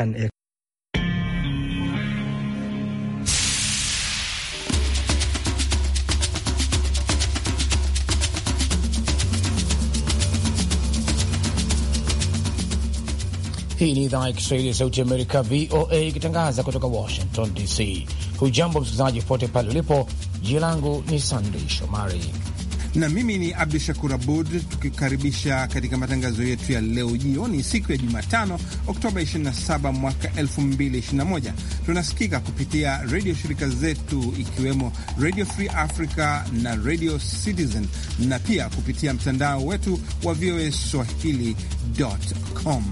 American Hii ni idhaa ya Kiswahili ya Sauti ya Amerika, VOA, ikitangaza kutoka Washington DC. Hujambo msikilizaji popote pale ulipo. Jina langu ni Sandei Shomari na mimi ni Abdu Shakur Abud, tukikaribisha katika matangazo yetu ya leo jioni, siku ya Jumatano, Oktoba 27 mwaka 2021. Tunasikika kupitia redio shirika zetu ikiwemo Radio Free Africa na Radio Citizen na pia kupitia mtandao wetu wa VOA Swahili.com.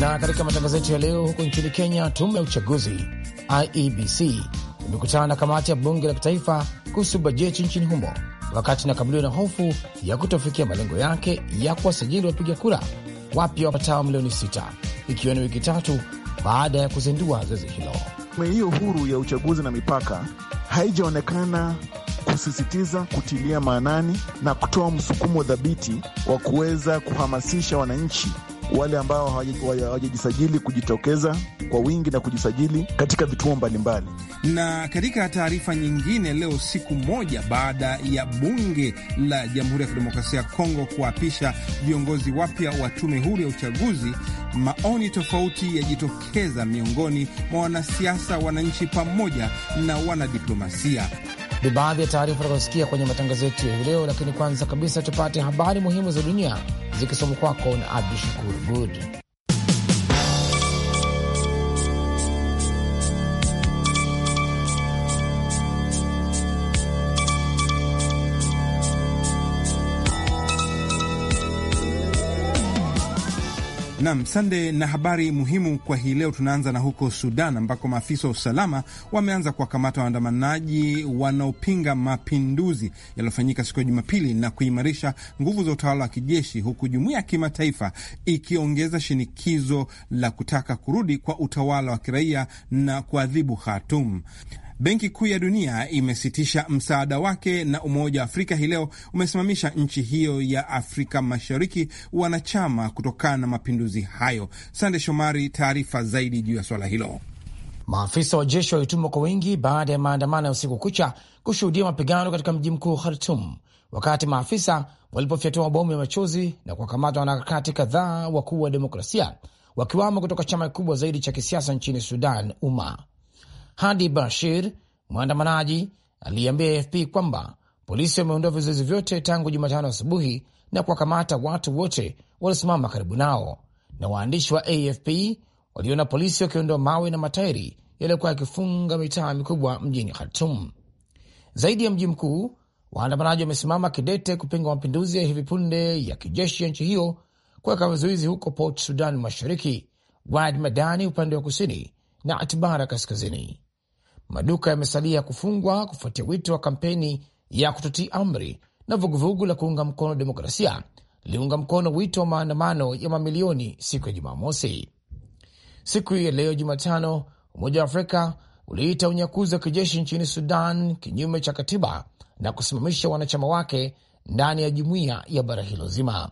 Na katika matangazo yetu ya leo, huko nchini Kenya, tume ya uchaguzi IEBC imekutana na kamati ya bunge la kitaifa kuhusu bajeti nchini humo, wakati inakabiliwa na hofu ya kutofikia malengo yake ya kuwasajili wapiga kura wapya wapatao milioni sita ikiwa ni wiki tatu baada ya kuzindua zoezi hilo. Hiyo huru ya uchaguzi na mipaka haijaonekana kusisitiza kutilia maanani na kutoa msukumo dhabiti wa kuweza kuhamasisha wananchi wale ambao hawajajisajili kujitokeza kwa wingi na kujisajili katika vituo mbalimbali. Na katika taarifa nyingine, leo siku moja baada ya bunge la Jamhuri ya Kidemokrasia ya Kongo kuapisha viongozi wapya wa tume huru ya uchaguzi, maoni tofauti yajitokeza miongoni mwa wanasiasa, wananchi pamoja na wanadiplomasia. Ni baadhi ya taarifa tunazosikia kwenye matangazo yetu ya leo, lakini kwanza kabisa tupate habari muhimu za dunia así que somos Coca-Cola, a bicho Nam Sande na habari muhimu kwa hii leo, tunaanza na huko Sudan ambako maafisa wa usalama wameanza kuwakamata waandamanaji wanaopinga mapinduzi yaliyofanyika siku ya Jumapili na kuimarisha nguvu za utawala wa kijeshi, huku jumuiya ya kimataifa ikiongeza shinikizo la kutaka kurudi kwa utawala wa kiraia na kuadhibu Khartoum. Benki Kuu ya Dunia imesitisha msaada wake na Umoja wa Afrika hii leo umesimamisha nchi hiyo ya Afrika Mashariki wanachama kutokana na mapinduzi hayo. Sande Shomari, taarifa zaidi juu ya swala hilo. Maafisa wa jeshi walitumwa kwa wingi baada ya maandamano ya usiku kucha kushuhudia mapigano katika mji mkuu Khartum, wakati maafisa walipofyatua mabomu ya machozi na kuwakamata wanaharakati kadhaa wakuu wa demokrasia wakiwamo kutoka chama kikubwa zaidi cha kisiasa nchini Sudan, Umma. Hadi Bashir, mwandamanaji, aliyeambia AFP kwamba polisi wameondoa vizuizi vyote tangu Jumatano asubuhi na kuwakamata watu wote waliosimama karibu nao, na waandishi wa AFP waliona polisi wakiondoa mawe na matairi yaliyokuwa yakifunga mitaa mikubwa mjini Khartum. Zaidi ya mji mkuu, waandamanaji wamesimama kidete kupinga mapinduzi ya hivi punde ya kijeshi ya nchi hiyo kuweka vizuizi huko Port Sudan Mashariki, Wad Madani upande wa kusini na Atbara kaskazini maduka yamesalia kufungwa kufuatia wito wa kampeni ya kutotii amri, na vuguvugu la kuunga mkono demokrasia liliunga mkono wito wa maandamano ya mamilioni siku ya Jumamosi. Siku ya leo Jumatano, Umoja wa Afrika uliita unyakuzi wa kijeshi nchini Sudan kinyume cha katiba na kusimamisha wanachama wake ndani ya jumuiya ya bara hilo zima.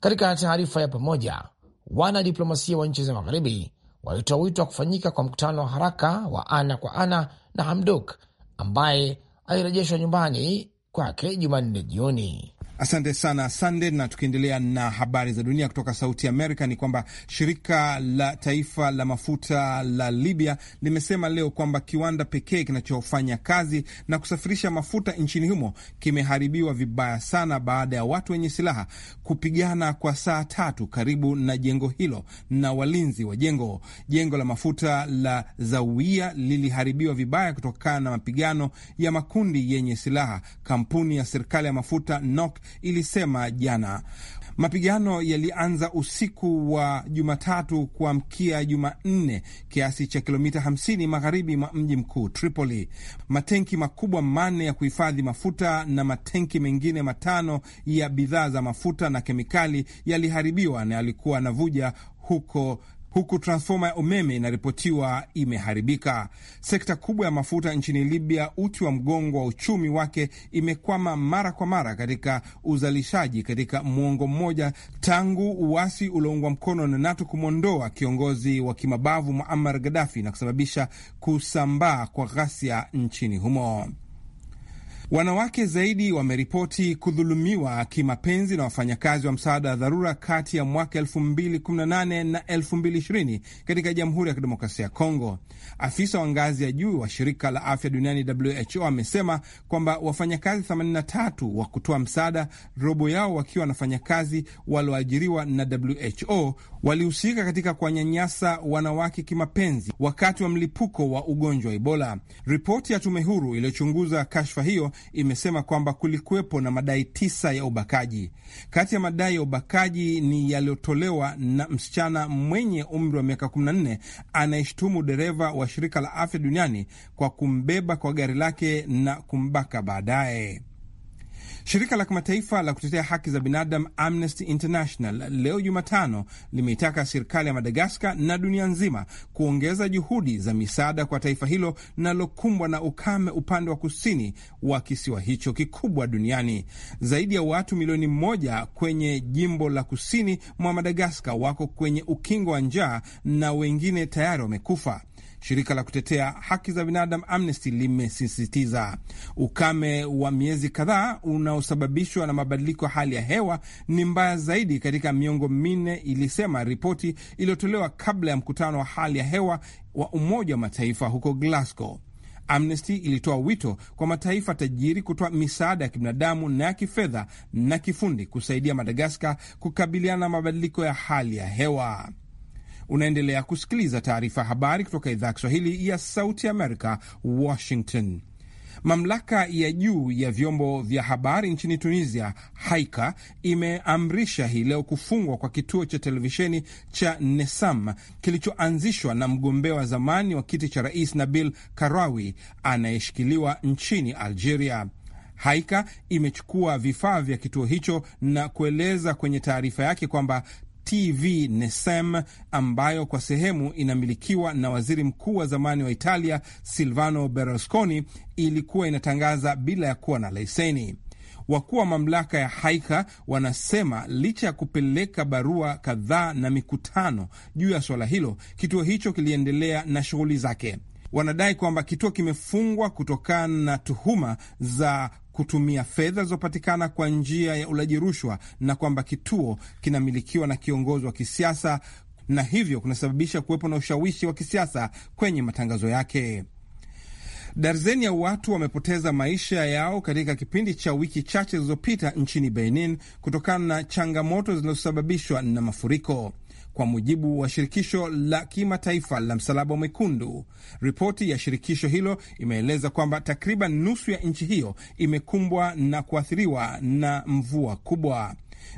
Katika taarifa ya pamoja, wanadiplomasia wa nchi za magharibi walitoa wito wa kufanyika kwa mkutano wa haraka wa ana kwa ana na hamduk ambaye alirejeshwa nyumbani kwake Jumanne jioni. Asante sana Sande. Na tukiendelea na habari za dunia kutoka Sauti Amerika ni kwamba shirika la taifa la mafuta la Libya limesema leo kwamba kiwanda pekee kinachofanya kazi na kusafirisha mafuta nchini humo kimeharibiwa vibaya sana baada ya watu wenye silaha kupigana kwa saa tatu karibu na jengo hilo na walinzi wa jengo. Jengo la mafuta la Zawia liliharibiwa vibaya kutokana na mapigano ya makundi yenye silaha. Kampuni ya serikali ya mafuta NOC ilisema jana. Mapigano yalianza usiku wa Jumatatu kuamkia Jumanne, kiasi cha kilomita 50 magharibi mwa mji mkuu Tripoli. Matenki makubwa manne ya kuhifadhi mafuta na matenki mengine matano ya bidhaa za mafuta na kemikali yaliharibiwa na yalikuwa yanavuja huko huku transfoma ya umeme inaripotiwa imeharibika. Sekta kubwa ya mafuta nchini Libya, uti wa mgongo wa uchumi wake, imekwama mara kwa mara katika uzalishaji katika mwongo mmoja tangu uasi ulioungwa mkono na NATO kumwondoa kiongozi wa kimabavu Muammar Gaddafi na kusababisha kusambaa kwa ghasia nchini humo. Wanawake zaidi wameripoti kudhulumiwa kimapenzi na wafanyakazi wa msaada wa dharura kati ya mwaka 2018 na 2020 katika Jamhuri ya Kidemokrasia ya Kongo. Afisa wa ngazi ya juu wa shirika la afya duniani WHO amesema kwamba wafanyakazi 83 wa kutoa msaada, robo yao wakiwa wanafanya walioajiriwa na WHO, walihusika katika kuwanyanyasa wanawake kimapenzi wakati wa mlipuko wa ugonjwa wa Ebola. Ripoti ya tume huru iliyochunguza kashfa hiyo imesema kwamba kulikuwepo na madai tisa ya ubakaji. Kati ya madai ya ubakaji ni yaliyotolewa na msichana mwenye umri wa miaka 14 anayeshutumu dereva wa shirika la afya duniani kwa kumbeba kwa gari lake na kumbaka baadaye. Shirika la kimataifa la kutetea haki za binadamu Amnesty International leo Jumatano limeitaka serikali ya Madagaskar na dunia nzima kuongeza juhudi za misaada kwa taifa hilo linalokumbwa na ukame upande wa kusini wa kisiwa hicho kikubwa duniani. Zaidi ya watu milioni moja kwenye jimbo la kusini mwa Madagaskar wako kwenye ukingo wa njaa na wengine tayari wamekufa. Shirika la kutetea haki za binadamu Amnesty limesisitiza ukame wa miezi kadhaa unaosababishwa na mabadiliko ya hali ya hewa ni mbaya zaidi katika miongo minne, ilisema ripoti iliyotolewa kabla ya mkutano wa hali ya hewa wa Umoja wa Mataifa huko Glasgow. Amnesty ilitoa wito kwa mataifa tajiri kutoa misaada ya kibinadamu na ya kifedha na kifundi kusaidia Madagaskar kukabiliana na mabadiliko ya hali ya hewa. Unaendelea kusikiliza taarifa ya habari kutoka idhaa ya Kiswahili ya Sauti Amerika, Washington. Mamlaka ya juu ya vyombo vya habari nchini Tunisia, Haika, imeamrisha hii leo kufungwa kwa kituo cha televisheni cha Nesam kilichoanzishwa na mgombea wa zamani wa kiti cha rais Nabil Karawi anayeshikiliwa nchini Algeria. Haika imechukua vifaa vya kituo hicho na kueleza kwenye taarifa yake kwamba TV Nesem ambayo kwa sehemu inamilikiwa na waziri mkuu wa zamani wa Italia Silvano Berlusconi ilikuwa inatangaza bila ya kuwa na leseni. Wakuu wa mamlaka ya Haika wanasema licha ya kupeleka barua kadhaa na mikutano juu ya suala hilo, kituo hicho kiliendelea na shughuli zake. Wanadai kwamba kituo kimefungwa kutokana na tuhuma za kutumia fedha zilizopatikana kwa njia ya ulaji rushwa na kwamba kituo kinamilikiwa na kiongozi wa kisiasa na hivyo kunasababisha kuwepo na ushawishi wa kisiasa kwenye matangazo yake. Darzeni ya watu wamepoteza maisha yao katika kipindi cha wiki chache zilizopita nchini Benin kutokana na changamoto zinazosababishwa na mafuriko kwa mujibu wa shirikisho la kimataifa la msalaba mwekundu. Ripoti ya shirikisho hilo imeeleza kwamba takriban nusu ya nchi hiyo imekumbwa na kuathiriwa na mvua kubwa.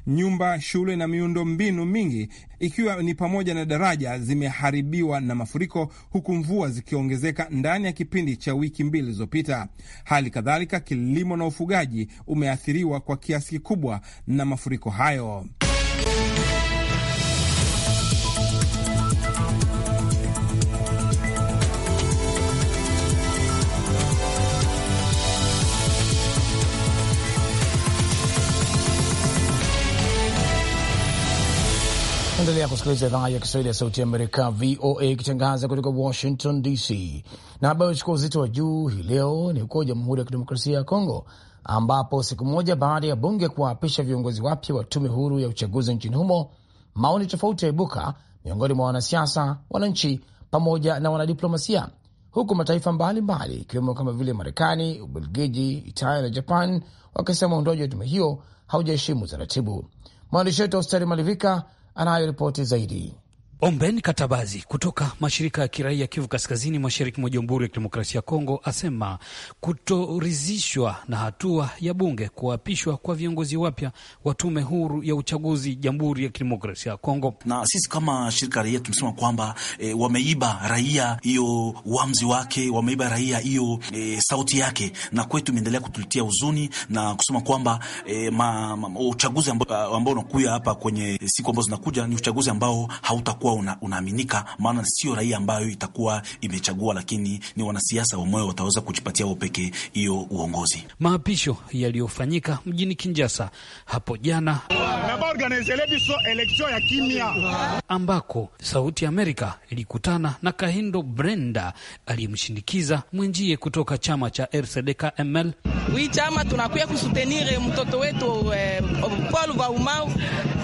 Nyumba, shule na miundo mbinu mingi ikiwa ni pamoja na daraja zimeharibiwa na mafuriko, huku mvua zikiongezeka ndani ya kipindi cha wiki mbili zilizopita. Hali kadhalika, kilimo na ufugaji umeathiriwa kwa kiasi kikubwa na mafuriko hayo. Unaendelea kusikiliza idhaa ya Kiswahili ya Sauti ya Amerika, VOA, ikitangaza kutoka Washington DC. Na ambayo chukua uzito wa juu hii leo ni huko Jamhuri ya Kidemokrasia ya Kongo, ambapo siku moja baada ya bunge kuwaapisha viongozi wapya wa tume huru ya uchaguzi nchini humo, maoni tofauti yaibuka miongoni mwa wanasiasa, wananchi pamoja na wanadiplomasia, huku mataifa mbalimbali ikiwemo kama vile Marekani, Ubelgiji, Italia na Japan wakisema uundoaji wa tume hiyo haujaheshimu taratibu. Mwandishi wetu Austari Malivika report his zaidi omben Katabazi kutoka mashirika ya kiraia Kivu Kaskazini, mashariki mwa Jamhuri ya Kidemokrasia ya Kongo asema kutoridhishwa na hatua ya bunge kuapishwa kwa viongozi wapya wa tume huru ya uchaguzi Jamhuri ya Kidemokrasia ya Kongo. Na sisi kama shirika raia tumesema kwamba e, wameiba raia hiyo uamzi wake, wameiba raia hiyo e, sauti yake, na kwetu imeendelea kutulitia huzuni na kusema kwamba e, ma, ma, uchaguzi ambao unakuja hapa kwenye siku ambazo zinakuja ni uchaguzi ambao hautakuwa utakuwa unaaminika maana sio raia ambayo itakuwa imechagua, lakini ni wanasiasa wamoyo wataweza kujipatia wao pekee hiyo uongozi. Maapisho yaliyofanyika mjini Kinjasa hapo jana ya kimya, ambako Sauti ya Amerika ilikutana na Kahindo Brenda aliyemshindikiza mwenjie kutoka chama cha RCD-KML. Hii chama tunakuya kusutenire mtoto wetu eh, Paul Vaumau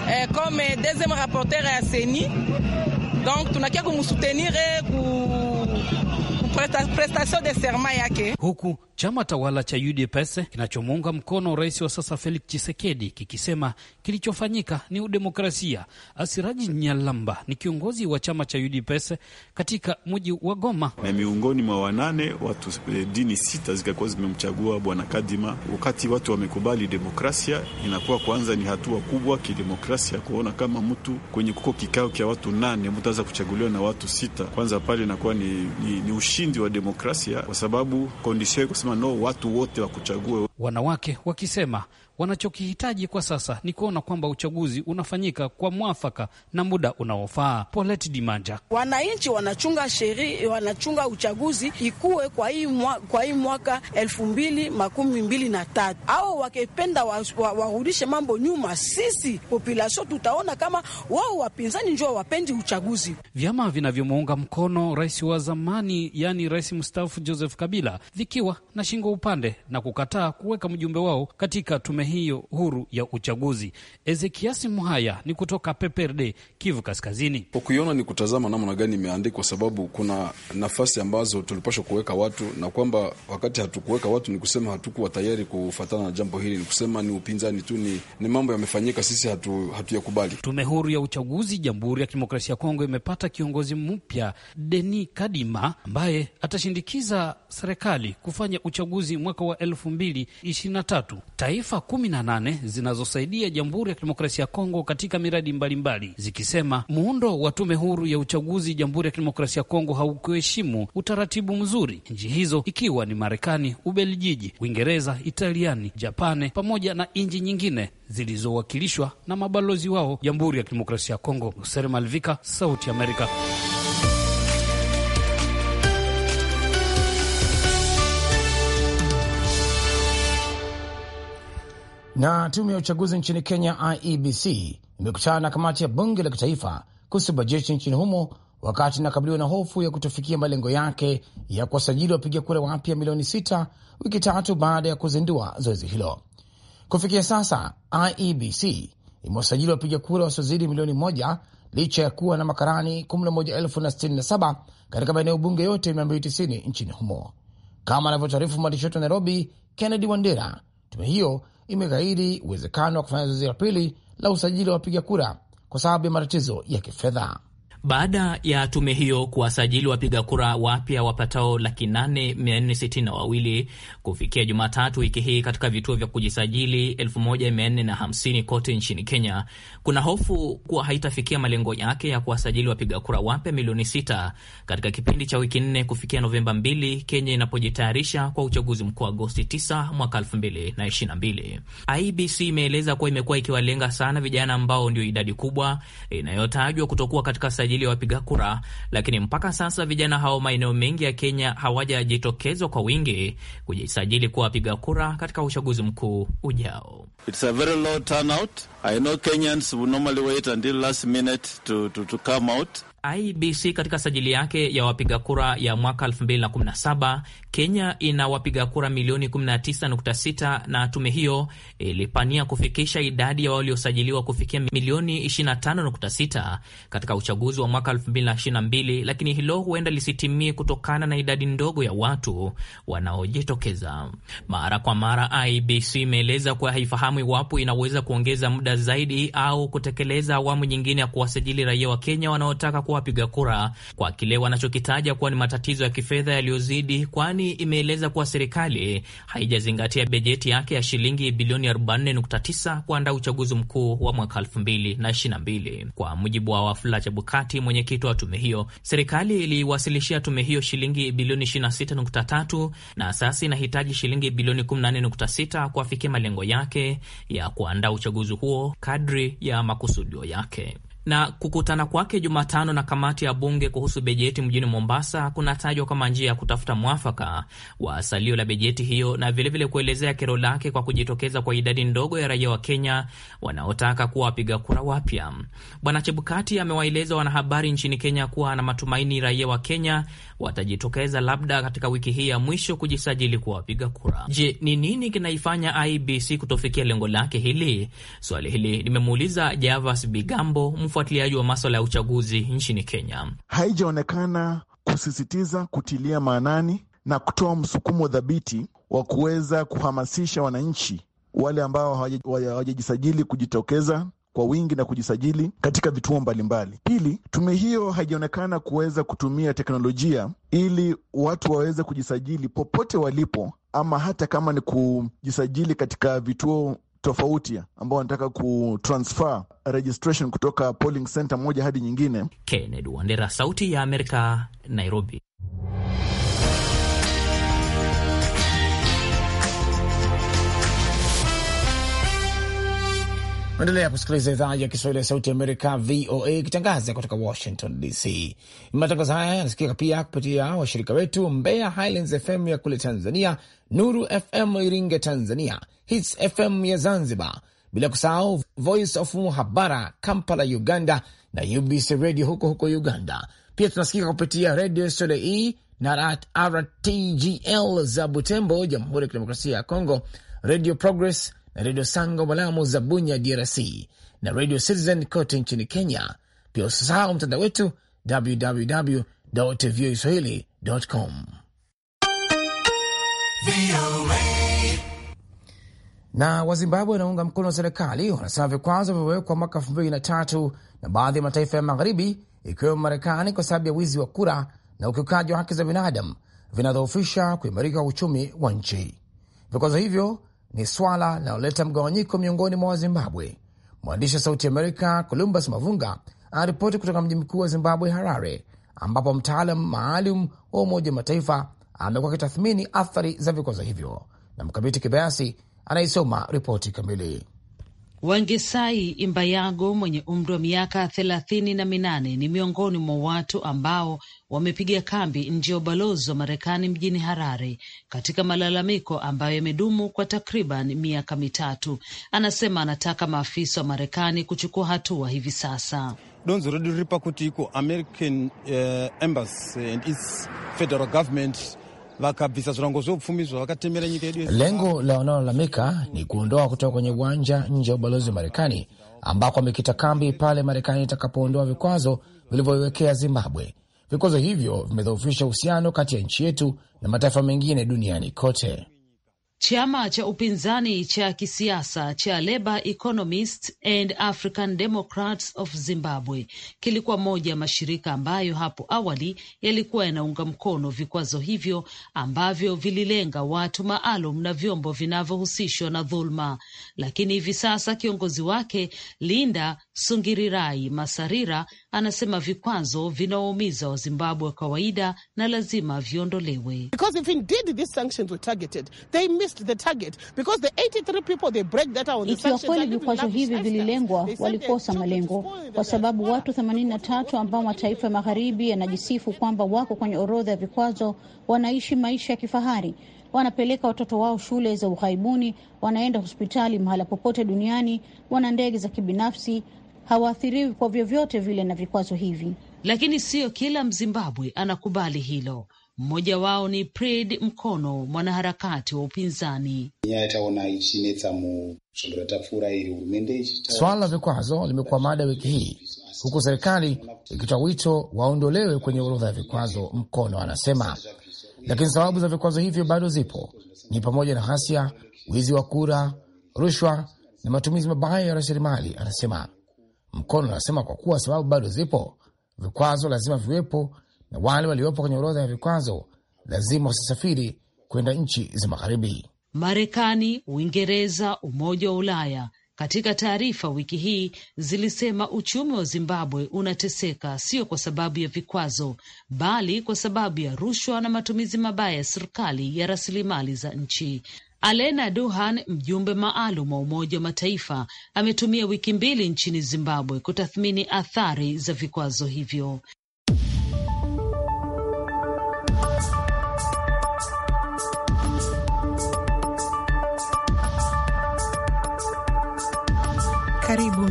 eh, comme deuxième rapporteur ya seni donc tunakia kumsutenire ku prestation de serma yake huku Chama tawala cha UDPS kinachomuunga mkono rais wa sasa Felix chisekedi kikisema kilichofanyika ni udemokrasia. Asiraji Nyalamba ni kiongozi wa chama cha UDPS katika mji wa Goma. Na miongoni mwa wanane watu eh, dini sita zikakuwa zimemchagua bwana Kadima. Wakati watu wamekubali demokrasia, inakuwa kwanza ni hatua kubwa kidemokrasia, kuona kama mtu kwenye kuko kikao kya watu nane mtu aweza kuchaguliwa na watu sita, kwanza pale inakuwa ni, ni, ni ushindi wa demokrasia kwa sababu kondisio lazima no, watu wote wakuchague. Wanawake wakisema Wanachokihitaji kwa sasa ni kuona kwamba uchaguzi unafanyika kwa mwafaka na muda unaofaa. Polet Dimanja: wananchi wanachunga sheri, wanachunga uchaguzi ikuwe kwa hii mwa, kwa hii mwaka elfu mbili makumi mbili na tatu au wakipenda warudishe wa, wa mambo nyuma. Sisi populasio tutaona kama wao wapinzani njua wapendi uchaguzi. Vyama vinavyomuunga mkono rais wa zamani yaani rais mstaafu Joseph Kabila vikiwa na shingo upande na kukataa kuweka mjumbe wao katika tume tume hiyo huru ya uchaguzi. Ezekiasi Muhaya ni kutoka PPRD Kivu Kaskazini. Ukiona ni kutazama namna gani imeandikwa, sababu kuna nafasi ambazo tulipashwa kuweka watu, na kwamba wakati hatukuweka watu ni kusema hatukuwa tayari kufatana na jambo hili, ni kusema ni upinzani tu, ni, ni mambo yamefanyika, sisi hatuyakubali. Hatu tume huru ya uchaguzi Jamhuri ya Kidemokrasia ya Kongo imepata kiongozi mpya Deni Kadima ambaye atashindikiza serikali kufanya uchaguzi mwaka wa elfu mbili ishirini na tatu taifa kumi na nane zinazosaidia Jamhuri ya Kidemokrasia ya Kongo katika miradi mbalimbali mbali, zikisema muundo wa tume huru ya uchaguzi Jamhuri ya Kidemokrasia ya Kongo haukuheshimu utaratibu mzuri, nchi hizo ikiwa ni Marekani, Ubeljiji, Uingereza, Italiani, Japani pamoja na nchi nyingine zilizowakilishwa na mabalozi wao Jamhuri ya Kidemokrasia ya Kongo. Usere Malvika, Sauti Amerika. Na tume ya uchaguzi nchini Kenya, IEBC, imekutana na kamati ya bunge la kitaifa kuhusu bajeti nchini humo, wakati inakabiliwa na hofu ya kutofikia malengo yake ya kuwasajili wapiga kura wapya milioni sita, wiki tatu baada ya kuzindua zoezi hilo. Kufikia sasa, IEBC imewasajili wapiga kura wasiozidi milioni moja licha ya kuwa na makarani 11,067 katika maeneo bunge yote 290 nchini humo, kama anavyotaarifu mwandishi wetu wa Nairobi, Kennedy Wandera. Tume hiyo imeghairi uwezekano wa kufanya zoezi la pili la usajili wa wapiga kura kwa sababu ya matatizo ya kifedha. Baada ya tume hiyo kuwasajili wapiga kura wapya wapatao laki nane mia nne sitini na wawili kufikia Jumatatu wiki hii katika vituo vya kujisajili elfu moja mia nne na hamsini kote nchini Kenya, kuna hofu kuwa haitafikia malengo yake ya kuwasajili wapiga kura wapya milioni sita katika kipindi cha wiki nne kufikia Novemba mbili, Kenya inapojitayarisha kwa uchaguzi mkuu Agosti 9 mwaka 2022. IBC imeeleza kuwa imekuwa ikiwalenga sana vijana ambao ndio idadi kubwa inayotajwa kutokuwa katika sajili usajili wa wapiga kura, lakini mpaka sasa vijana hao maeneo mengi ya Kenya hawajajitokezwa kwa wingi kujisajili kuwa wapiga kura katika uchaguzi mkuu ujao. It's a very low turnout. I know Kenyans normally wait until last minute to, to, to come out. IBC katika sajili yake ya wapiga kura ya mwaka 2017 Kenya ina wapiga kura milioni 19.6 na tume hiyo ilipania kufikisha idadi ya waliosajiliwa kufikia milioni 25.6 katika uchaguzi wa mwaka 2022, lakini hilo huenda lisitimie kutokana na idadi ndogo ya watu wanaojitokeza. Mara kwa mara, IBC imeeleza kuwa haifahamu iwapo inaweza kuongeza muda zaidi au kutekeleza awamu nyingine ya kuwasajili raia wa Kenya wanaotaka kwa wapiga kura kwa kile wanachokitaja kuwa ni matatizo ya kifedha yaliyozidi, kwani imeeleza kuwa serikali haijazingatia bajeti yake ya shilingi bilioni 44.9 kuandaa uchaguzi mkuu wa mwaka 2022. Kwa mujibu wa Wafula Chebukati, mwenyekiti wa tume hiyo, serikali iliiwasilishia tume hiyo shilingi bilioni 26.3 na sasa inahitaji shilingi bilioni 14.6 kuafikia malengo yake ya kuandaa uchaguzi huo kadri ya makusudio yake na kukutana kwake Jumatano na kamati ya bunge kuhusu bejeti mjini Mombasa kunatajwa kama njia ya kutafuta mwafaka wa salio la bejeti hiyo na vilevile kuelezea kero lake kwa kujitokeza kwa idadi ndogo ya raia wa Kenya wanaotaka kuwa wapiga kura wapya. Bwana Chebukati amewaeleza wanahabari nchini Kenya kuwa ana matumaini raia wa Kenya watajitokeza labda katika wiki hii ya mwisho kujisajili kuwa wapiga kura. Je, ni nini kinaifanya IBC kutofikia lengo lake hili? Swali hili limemuuliza Javas Bigambo ufuatiliaji wa maswala ya uchaguzi nchini Kenya, haijaonekana kusisitiza, kutilia maanani na kutoa msukumo dhabiti wa kuweza kuhamasisha wananchi wale ambao hawajajisajili kujitokeza kwa wingi na kujisajili katika vituo mbalimbali. Pili, tume hiyo haijaonekana kuweza kutumia teknolojia ili watu waweze kujisajili popote walipo, ama hata kama ni kujisajili katika vituo tofauti ambao wanataka kutransfer registration kutoka polling center moja hadi nyingine. Kennedy Wandera, Sauti ya Amerika, Nairobi. Endelea kusikiliza idhaa ya Kiswahili ya Sauti ya Amerika, VOA, ikitangaza kutoka Washington DC. Matangazo haya yanasikika pia kupitia washirika wetu Mbeya Highlands FM ya kule Tanzania, Nuru FM Iringe Tanzania, Hits FM ya Zanzibar, bila kusahau Voice of Muhabara Kampala, Uganda na UBC Radio huko huko Uganda. Pia tunasikika kupitia Radio Soleil na RTGL za Butembo, Jamhuri ya Kidemokrasia ya Kongo, Radio Progress na Radio Sango Malamu za Bunya, DRC na Radio Citizen kote nchini Kenya. Pia usisahau mtandao wetu www voaswahili com. Na Wazimbabwe wanaunga mkono wa serikali wanasema vikwazo vimewekwa mwaka elfu mbili na tatu na baadhi ya mataifa ya magharibi ikiwemo Marekani kwa sababu ya wizi wa kura na ukiukaji wa haki za binadamu vinadhoofisha kuimarika kwa uchumi wa nchi. Vikwazo hivyo ni swala linaloleta mgawanyiko miongoni mwa Wazimbabwe. Mwandishi wa Sauti Amerika Columbus Mavunga anaripoti kutoka mji mkuu wa Zimbabwe, Harare, ambapo mtaalam maalum wa Umoja wa Mataifa amekuwa akitathmini athari za vikwazo hivyo, na Mkabiti Kibayasi anaisoma ripoti kamili. Wangesai Imbayago mwenye umri wa miaka thelathini na minane ni miongoni mwa watu ambao wamepiga kambi nje ya ubalozi wa Marekani mjini Harare katika malalamiko ambayo yamedumu kwa takriban miaka mitatu. Anasema anataka maafisa wa Marekani kuchukua hatua hivi sasa. Donzo, Lengo la wanaolalamika ni kuondoa kutoka kwenye uwanja nje ya ubalozi wa Marekani ambako amekita kambi pale Marekani itakapoondoa vikwazo vilivyoiwekea Zimbabwe. Vikwazo hivyo vimedhoofisha uhusiano kati ya nchi yetu na mataifa mengine duniani kote. Chama cha upinzani cha kisiasa cha Labour Economists and African Democrats of Zimbabwe kilikuwa moja ya mashirika ambayo hapo awali yalikuwa yanaunga mkono vikwazo hivyo ambavyo vililenga watu maalum na vyombo vinavyohusishwa na dhuluma, lakini hivi sasa kiongozi wake Linda Sungirirai Masarira anasema vikwazo vinawaumiza Wazimbabwe wa kawaida na lazima viondolewe. Ikiwa kweli vikwazo hivi vililengwa, walikosa malengo, kwa sababu watu 83 ambao mataifa ya magharibi yanajisifu kwamba wako kwenye orodha ya vikwazo wanaishi maisha ya kifahari, wanapeleka watoto wao shule za ughaibuni, wanaenda hospitali mahala popote duniani, wana ndege za kibinafsi, hawaathiriwi kwa vyovyote vile na vikwazo hivi. Lakini siyo kila Mzimbabwe anakubali hilo. Mmoja wao ni Prid Mkono, mwanaharakati wa upinzani. Swala la vikwazo limekuwa mada wiki hii huku serikali ikitoa wito waondolewe kwenye orodha ya vikwazo. Mkono anasema lakini sababu za vikwazo hivyo bado zipo, ni pamoja na ghasia, wizi wa kura, rushwa na matumizi mabaya ya rasilimali. Anasema Mkono anasema kwa kuwa sababu bado zipo, vikwazo lazima viwepo na wale waliopo kwenye orodha ya vikwazo lazima wasisafiri kwenda nchi za magharibi. Marekani, Uingereza, Umoja wa Ulaya katika taarifa wiki hii zilisema uchumi wa Zimbabwe unateseka sio kwa sababu ya vikwazo, bali kwa sababu ya rushwa na matumizi mabaya ya serikali ya rasilimali za nchi. Alena Duhan, mjumbe maalum wa Umoja wa Mataifa, ametumia wiki mbili nchini Zimbabwe kutathmini athari za vikwazo hivyo.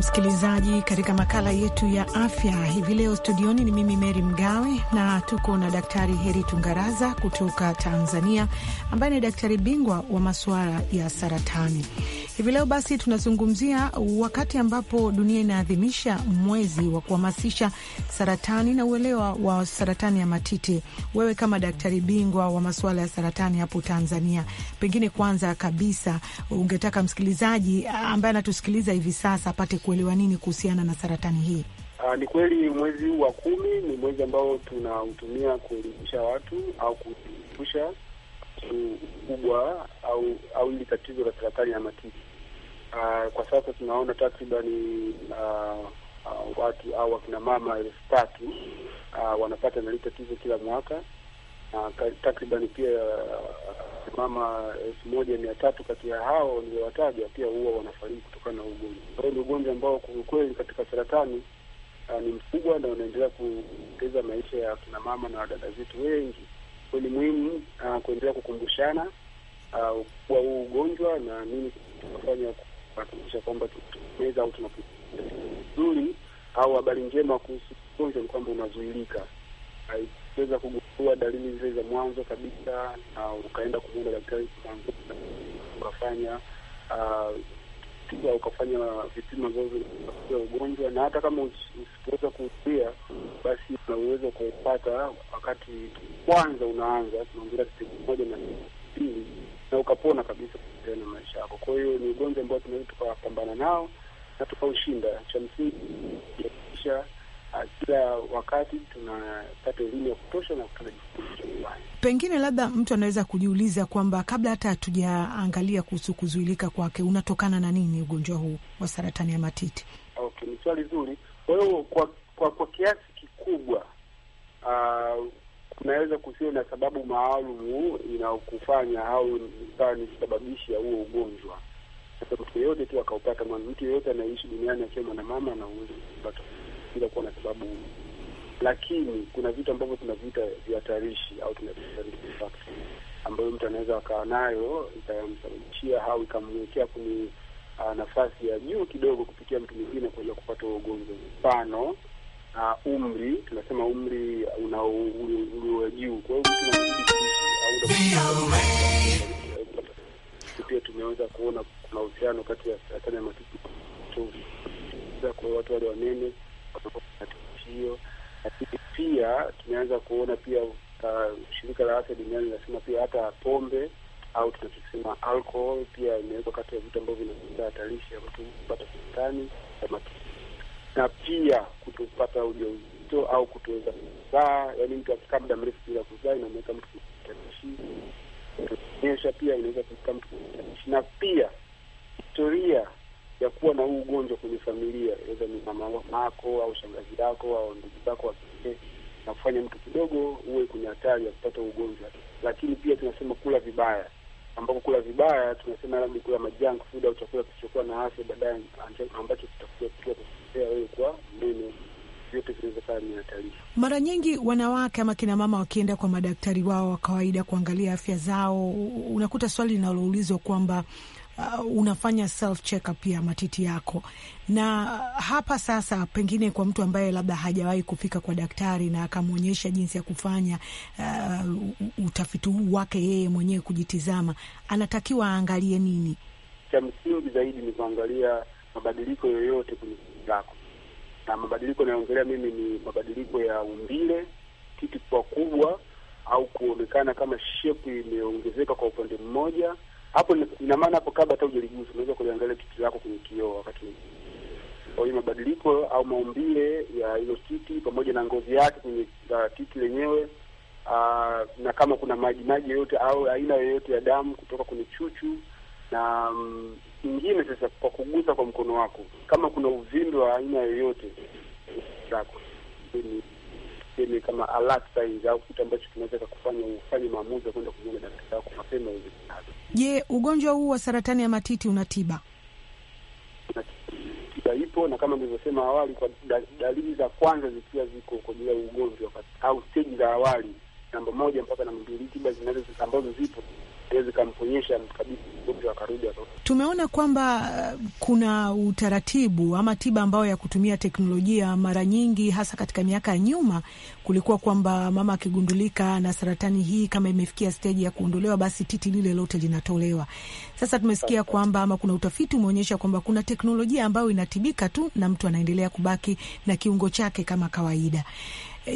msikilizaji, katika makala yetu ya afya hivi leo studioni ni mimi Meri Mgawe na tuko na Daktari Heri Tungaraza kutoka Tanzania, ambaye ni daktari bingwa wa masuala ya saratani. Hivi leo basi tunazungumzia wakati ambapo dunia inaadhimisha mwezi wa kuhamasisha saratani na uelewa wa saratani ya matiti. Wewe kama daktari bingwa wa masuala ya saratani hapo Tanzania, pengine kwanza kabisa ungetaka msikilizaji ambaye anatusikiliza hivi sasa apate ku kuelewa nini kuhusiana na saratani hii? Aa, ah, ni kweli mwezi huu wa kumi ni mwezi ambao tunautumia kuelimisha watu au kuepusha ukubwa au au hili tatizo la saratani ya matiti. Ah, kwa sasa tunaona takribani uh, ah, watu au uh, wakina mama elfu tatu uh, wanapata na hili tatizo kila mwaka uh, takribani pia wanasimama elfu moja mia tatu kati ya hao niliowataja pia huwa wanafariki kutokana na ugonjwa. Kwa hiyo ni ugonjwa ambao kwa katika saratani uh, ni mkubwa na unaendelea kuongeza maisha ya kina mama na wadada zetu wengi. Kwa ni muhimu uh, kuendelea kukumbushana uh, huu ugonjwa na nini tunafanya kuhakikisha kwamba tunatokomeza au tunapiga vizuri, au habari njema kuhusu ugonjwa ni kwamba unazuilika kuweza kugundua dalili zile za mwanzo kabisa na ukaenda kumwona daktari ukafanya uh, ukafanya vipimo ambavyo ugonjwa, na hata kama usipoweza kuzuia, basi una uwezo kuupata wakati kwanza unaanza, tunaongelea kipindi moja na pili, na ukapona kabisa na maisha yako. Kwa hiyo ni ugonjwa ambao tunaweza tukapambana nao na tukaushinda. Cha msingi kuhakikisha Ah, kila wakati tunapata elimu ya kutosha na kutoa. Pengine labda mtu anaweza kujiuliza kwamba kabla hata hatujaangalia kuhusu kuzuilika kwake, unatokana na nini ugonjwa huu wa saratani ya matiti? Okay, ni swali zuri. Kwa hiyo kwa, kwa, kwa kiasi kikubwa uh, kunaweza kusiwe na sababu maalumu inayokufanya au ikawa ni sababishi ya huo ugonjwa, kwa sababu yote tu akaupata mtu yeyote anaishi duniani akiwa mwanamama na kupata bila kuwa na sababu, lakini kuna vitu ambavyo tunaviita vihatarishi au tunaviita ambayo mtu anaweza akawa nayo ikamsababishia au ikamwekea kwenye ah, nafasi ya juu kidogo kupitia mtu mwingine kuweza kupata ugonjwa. Mfano ah, umri, tunasema umri uli wa juu. Kwa hiyo mtu pia tumeweza kuona kuna uhusiano kati ya saratani ya matiti kwa watu wale wanene hiyo, lakini pia tumeanza kuona pia uh, shirika la afya duniani linasema pia hata pombe au tunachosema alcohol pia imewekwa kati ya vitu ambavyo vinaweza hatarishi ya mtu kupata saratani ya matiti na pia kutopata ujauzito au kutoweza kuzaa, yaani mtu akikaa muda mrefu bila kuzaa inamweka mtu hatarishi. Kuonyesha pia inaweza kuweka mtu hatarishi, na pia historia ya kuwa na huu ugonjwa kwenye familia, inaweza ni mama wako au shangazi lako au ndugu zako wa na kufanya mtu kidogo uwe kwenye hatari ya kupata ugonjwa. Lakini pia tunasema kula vibaya, ambapo kula vibaya tunasema labda kula majunk food au chakula kisichokuwa na afya, baadaye ambacho kitakuletea wewe kwa mnene mara nyingi wanawake ama kina mama wakienda kwa madaktari wao wa kawaida kuangalia afya zao, unakuta swali linaloulizwa kwamba uh, unafanya self check up ya matiti yako. Na uh, hapa sasa, pengine kwa mtu ambaye labda hajawahi kufika kwa daktari na akamwonyesha jinsi ya kufanya uh, utafiti huu wake yeye mwenyewe kujitizama, anatakiwa aangalie nini? Cha msingi zaidi ni kuangalia mabadiliko yoyote kwenye lako, na mabadiliko nayoongelea mimi ni mabadiliko ya umbile, titi kuwa kubwa au kuonekana kama shepu imeongezeka kwa upande mmoja hapo ina maana hapo kabla hata hujalijuzi unaweza kuliangalia titi lako kwenye kioo wakati kwa hiyo mabadiliko au maumbile ya hilo titi pamoja na ngozi yake kwenye titi ah, lenyewe, ah, na kama kuna maji maji yoyote au aina yoyote ya damu kutoka kwenye chuchu na mm, nyingine sasa kwa kugusa kwa mkono wako, kama kuna uvimbe wa aina yoyote zako tuseme kama alert signs au kitu ambacho kinaweza kufanya ufanye maamuzi ya kwenda kumwona daktari wako mapema iwezekanavyo. Je, ugonjwa huu wa saratani ya matiti una tiba? Tiba ipo, na kama nilivyosema awali, kwa dalili za kwanza zikiwa ziko kwa ajili ya ugonjwa au stage za awali namba moja mpaka namba mbili, tiba zinazo ambazo zipo haiwezi kamponyesha mkabidhi mgonjwa akarudi. Tumeona kwamba uh, kuna utaratibu ama tiba ambayo ya kutumia teknolojia. Mara nyingi hasa katika miaka ya nyuma kulikuwa kwamba mama akigundulika na saratani hii, kama imefikia steji ya kuondolewa, basi titi lile lote linatolewa. Sasa tumesikia kwamba ama kuna utafiti umeonyesha kwamba kuna teknolojia ambayo inatibika tu na mtu anaendelea kubaki na kiungo chake kama kawaida.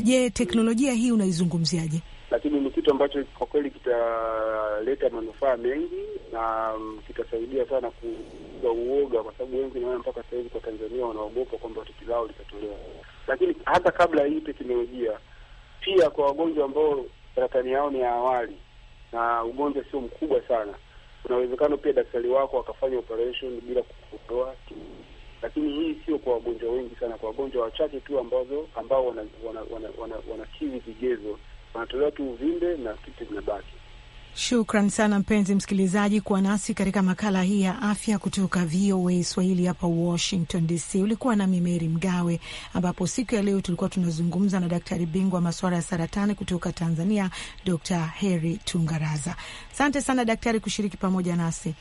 Je, teknolojia hii unaizungumziaje? Lakini kitu ambacho kwa kweli kitaleta manufaa mengi na mm, kitasaidia sana kuuga uoga, kwa sababu wengi naona mpaka sasa hivi kwa Tanzania wanaogopa kwamba titi lao litatolewa. Lakini hata kabla hii teknolojia, pia kwa wagonjwa ambao saratani yao ni ya awali na ugonjwa sio mkubwa sana, kuna uwezekano pia daktari wako akafanya operation bila kukutoa lakini hii sio kwa wagonjwa wengi sana, kwa wagonjwa wachache tu ambazo ambao wanakidhi wana, wana, wana, wana vigezo wanatolewa tu uvimbe na kiti vimebaki. Shukran sana mpenzi msikilizaji kuwa nasi katika makala hii ya afya kutoka VOA Swahili hapa Washington DC. Ulikuwa nami Meri Mgawe, ambapo siku ya leo tulikuwa tunazungumza na daktari bingwa masuala ya saratani kutoka Tanzania, Dr Heri Tungaraza. Asante sana daktari kushiriki pamoja nasi.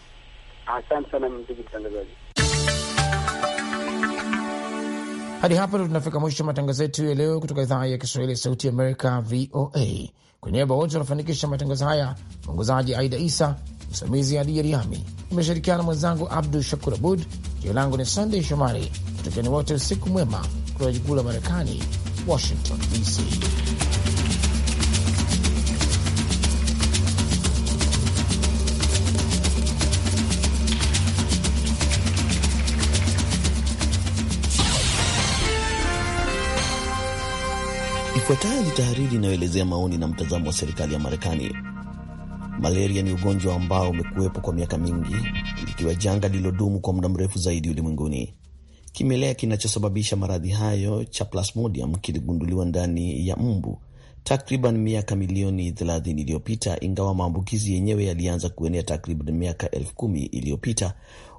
Asante sana mtangazaji. Hadi hapo ndo tunafika mwisho matangazo yetu ya leo kutoka idhaa ya Kiswahili ya Sauti Amerika, VOA. Kwa niaba wote wanafanikisha matangazo haya, mwongozaji Aida Isa, msimamizi Adija Riami, imeshirikiana mwenzangu Abdu Shakur Abud. Jina langu ni Sandey Shomari. Kutakieni wote usiku mwema kutoka jikuu la Marekani, Washington DC. Ifuatayo ni tahariri inayoelezea maoni na mtazamo wa serikali ya Marekani. Malaria ni ugonjwa ambao umekuwepo kwa miaka mingi, likiwa janga lililodumu kwa muda mrefu zaidi ulimwenguni. Kimelea kinachosababisha maradhi hayo cha Plasmodium kiligunduliwa ndani ya mbu takriban miaka milioni 30 iliyopita, ingawa maambukizi yenyewe yalianza kuenea takriban miaka elfu kumi iliyopita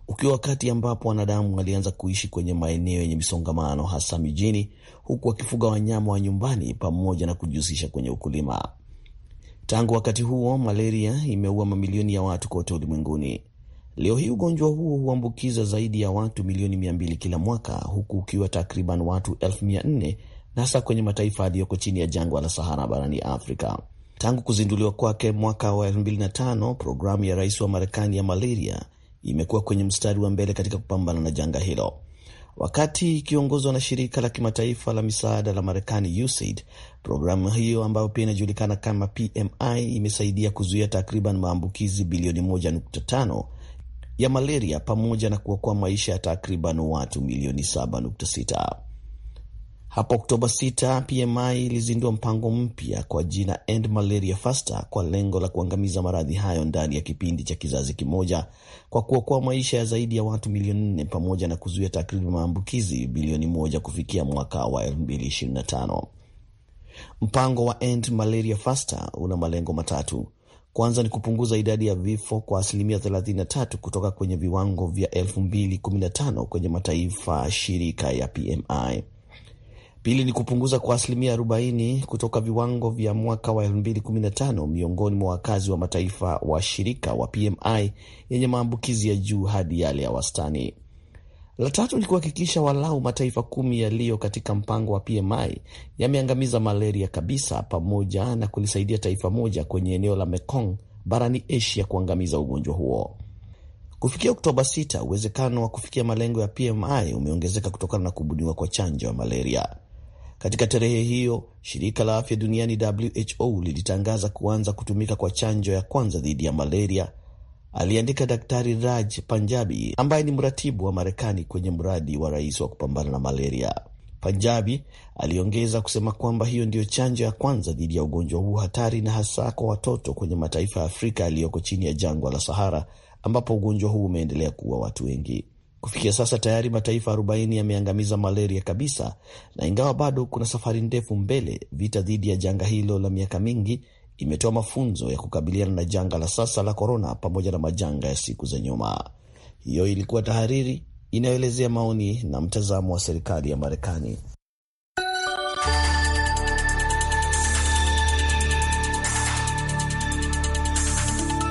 ukiwa wakati ambapo wanadamu walianza kuishi kwenye maeneo yenye misongamano, hasa mijini, huku wakifuga wanyama wa nyumbani pamoja na kujihusisha kwenye ukulima. Tangu wakati huo, malaria imeua mamilioni ya watu kote ulimwenguni. Leo hii ugonjwa huo huambukiza zaidi ya watu milioni 200 kila mwaka, huku ukiwa takriban watu 4 na hasa kwenye mataifa yaliyoko chini ya jangwa la Sahara barani Afrika. Tangu kuzinduliwa kwake mwaka wa 2005 programu ya rais wa Marekani ya malaria imekuwa kwenye mstari wa mbele katika kupambana na janga hilo. Wakati ikiongozwa na shirika la kimataifa la misaada la Marekani, USAID, programu hiyo ambayo pia inajulikana kama PMI imesaidia kuzuia takriban maambukizi bilioni 1.5 ya malaria pamoja na kuokoa maisha ya takriban watu milioni 7.6. Hapo Oktoba 6 PMI ilizindua mpango mpya kwa jina End Malaria Faster kwa lengo la kuangamiza maradhi hayo ndani ya kipindi cha kizazi kimoja kwa kuokoa maisha ya zaidi ya watu milioni nne pamoja na kuzuia takriban maambukizi bilioni moja kufikia mwaka wa 2025. Mpango wa End Malaria Faster una malengo matatu. Kwanza ni kupunguza idadi ya vifo kwa asilimia 33 kutoka kwenye viwango vya 2015 kwenye mataifa shirika ya PMI. Pili ni kupunguza kwa asilimia 40 kutoka viwango vya mwaka wa 2015 miongoni mwa wakazi wa mataifa washirika wa PMI yenye maambukizi ya juu hadi yale ya wastani. La tatu ni kuhakikisha walau mataifa kumi yaliyo katika mpango wa PMI yameangamiza malaria kabisa, pamoja na kulisaidia taifa moja kwenye eneo la Mekong barani Asia kuangamiza ugonjwa huo. Kufikia Oktoba 6, uwezekano wa kufikia malengo ya PMI umeongezeka kutokana na kubuniwa kwa chanjo ya malaria. Katika tarehe hiyo, shirika la afya duniani WHO lilitangaza kuanza kutumika kwa chanjo ya kwanza dhidi ya malaria, aliandika Daktari Raj Panjabi ambaye ni mratibu wa Marekani kwenye mradi wa rais wa kupambana na malaria. Panjabi aliongeza kusema kwamba hiyo ndiyo chanjo ya kwanza dhidi ya ugonjwa huu hatari, na hasa kwa watoto kwenye mataifa ya Afrika yaliyoko chini ya jangwa la Sahara, ambapo ugonjwa huu umeendelea kuua watu wengi. Kufikia sasa tayari mataifa 40 yameangamiza malaria kabisa, na ingawa bado kuna safari ndefu mbele, vita dhidi ya janga hilo la miaka mingi imetoa mafunzo ya kukabiliana na janga la sasa la korona, pamoja na majanga ya siku za nyuma. Hiyo ilikuwa tahariri inayoelezea maoni na mtazamo wa serikali ya Marekani.